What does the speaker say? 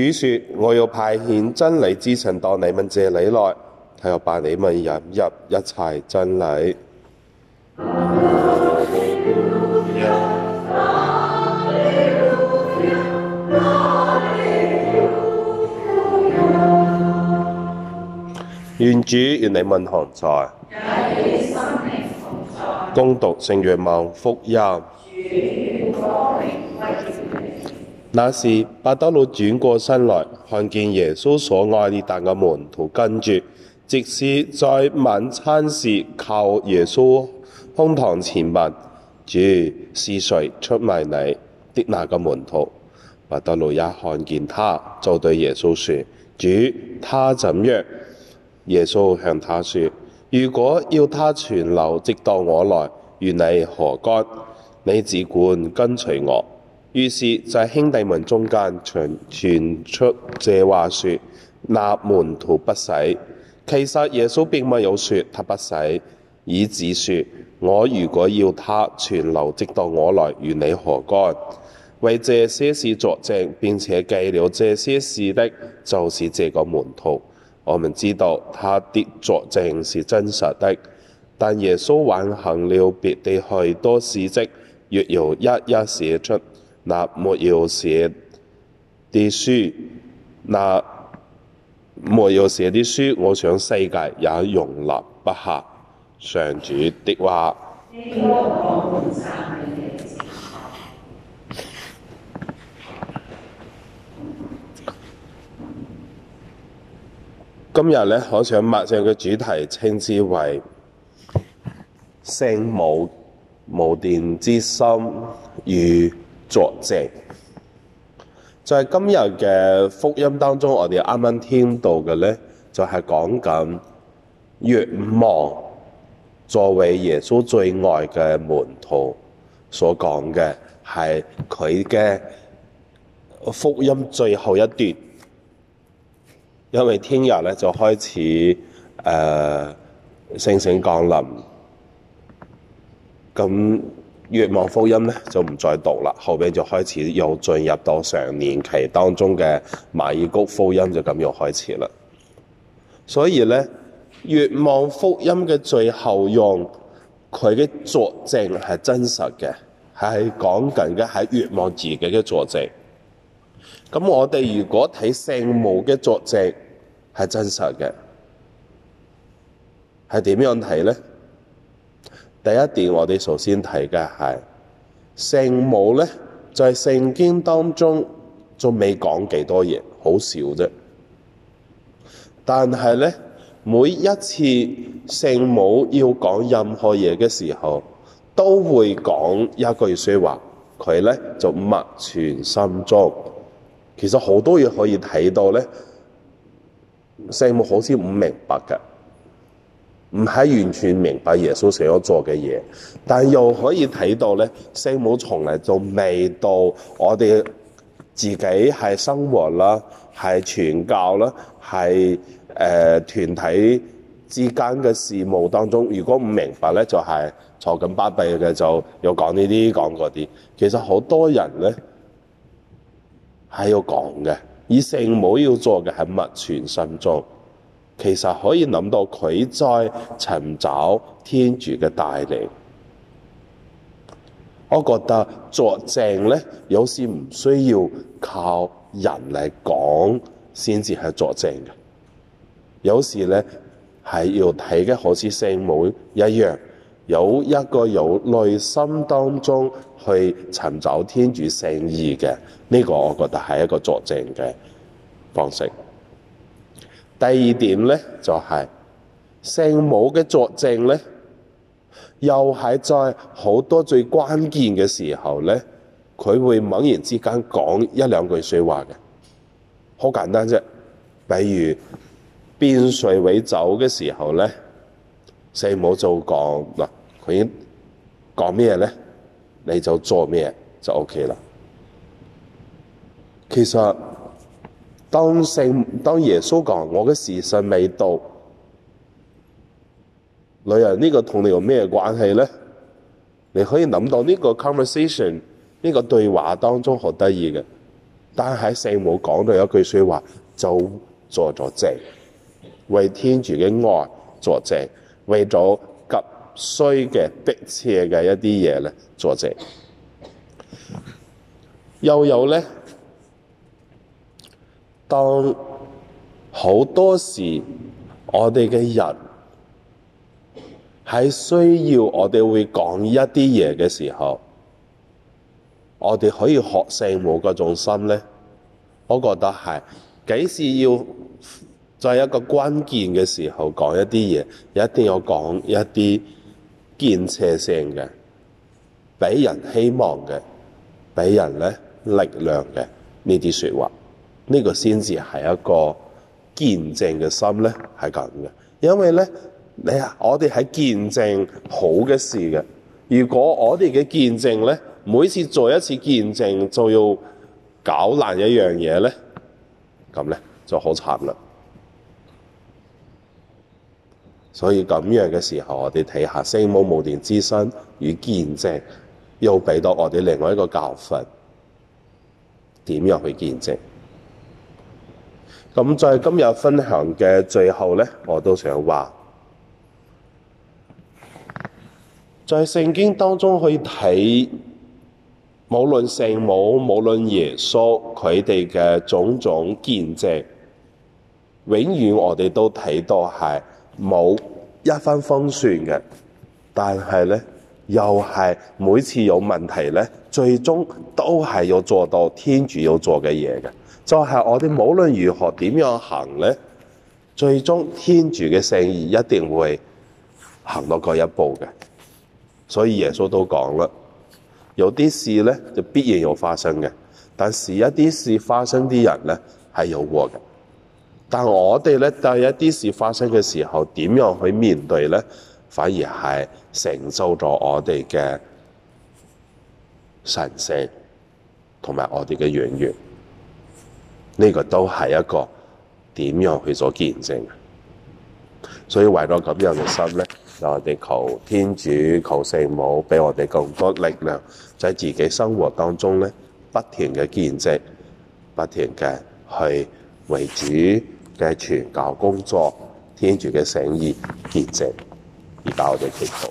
主說：我要派遣真理之神到你們這裏來，他要把你們引入一切真理。願主與你們同在，恭讀聖若望福音。那時，伯多祿轉過身來，看見耶穌所愛列但嘅門徒跟住。即使在晚餐時靠耶穌胸膛前問：主是誰出賣你的那個門徒？伯多祿一看見他，就對耶穌說：主，他怎樣？耶穌向他說：如果要他存留直到我來，與你何干？你只管跟隨我。於是，在、就是、兄弟們中間傳傳出這話說，說那門徒不死。其實耶穌並沒有說他不死，而只說我如果要他存留，直到我來，與你何干？為這些事作證並且記了這些事的，就是這個門徒。我們知道他的作證是真實的，但耶穌還行了別的許多事蹟，若要一一寫出。那麼要寫啲書，那麼要寫啲書，我想世界也容納不下上主的話。今日咧，我想默想嘅主題稱之為聖母無玷之心與作證。就係、是、今日嘅福音當中，我哋啱啱聽到嘅呢，就係講緊若望作為耶穌最愛嘅門徒所講嘅，係佢嘅福音最後一段。因為聽日呢，就開始誒聖、呃、聖神降臨，越望福音咧，就唔再讀啦，後面就開始又進入到常年期當中嘅馬爾谷福音就咁又開始啦。所以呢，若望福音嘅最後用佢嘅作證係真實嘅，係講緊嘅係若望自己嘅作證。咁我哋如果睇聖母嘅作證係真實嘅，係點樣睇呢？第一點，我哋首先睇嘅係聖母咧，在、就是、聖經當中仲未講幾多嘢，好少啫。但係咧，每一次聖母要講任何嘢嘅時候，都會講一句説話，佢咧就默存心中。其實好多嘢可以睇到咧，聖母好似唔明白嘅。唔係完全明白耶穌想做嘅嘢，但又可以睇到咧，聖母從嚟就未到我哋自己係生活啦，係傳教啦，係誒團體之間嘅事務當中。如果唔明白咧，就係坐緊巴閉嘅，就有講呢啲講嗰啲。其實好多人咧係要講嘅，以聖母要做嘅係物傳心中。其實可以諗到佢在尋找天主嘅帶領。我覺得作證咧，有時唔需要靠人嚟講，先至係作證嘅。有時咧係要睇嘅，好似聖母一樣，有一個有內心當中去尋找天主聖意嘅，呢個我覺得係一個作證嘅方式。第二點呢，就係、是、聖母嘅作證呢，又係在好多最關鍵嘅時候呢，佢會猛然之間講一兩句說話嘅，好簡單啫。比如變水為酒嘅時候呢，聖母就講嗱，佢講咩呢？你就做咩就 ok 啦。其實。當聖當耶穌講我嘅時辰未到，女人呢個同你有咩關係咧？你可以諗到呢個 conversation 呢個對話當中好得意嘅，但係聖母講到有一句說話就作咗證，為天主嘅愛作證，為咗急需嘅迫切嘅一啲嘢咧作證，又有咧。當好多時，我哋嘅人係需要我哋會講一啲嘢嘅時候，我哋可以學聖母嗰種心咧。我覺得係幾時要在一個關鍵嘅時候講一啲嘢，一定要講一啲建設性嘅，俾人希望嘅，俾人咧力量嘅呢啲說話。呢個先至係一個見證嘅心咧，係咁嘅。因為咧，你啊，我哋喺見證好嘅事嘅。如果我哋嘅見證咧，每次做一次見證就要搞爛一樣嘢咧，咁咧就好慘啦。所以咁樣嘅時候，我哋睇下聖母無玷之身與見證，又俾到我哋另外一個教訓，點樣去見證。咁在今日分享嘅最後咧，我都想話，在、就是、聖經當中去睇，無論聖母，無論耶穌，佢哋嘅種種見證，永遠我哋都睇到係冇一帆風順嘅。但係咧，又係每次有問題咧，最終都係要做到天主要做嘅嘢嘅。就係我哋無論如何點樣行咧，最終天主嘅聖意一定會行到嗰一步嘅。所以耶穌都講啦，有啲事咧就必然要發生嘅，但是一啲事發生啲人咧係有禍嘅。但我哋咧，當一啲事發生嘅時候，點樣去面對咧，反而係承受咗我哋嘅神聖同埋我哋嘅軟弱。呢個都係一個點樣去做見證，所以為咗咁樣嘅心咧，就我哋求天主求聖母俾我哋更多力量，喺自己生活當中咧，不斷嘅見證，不斷嘅去為主嘅傳教工作，天主嘅聖意見證，而把我哋祈求。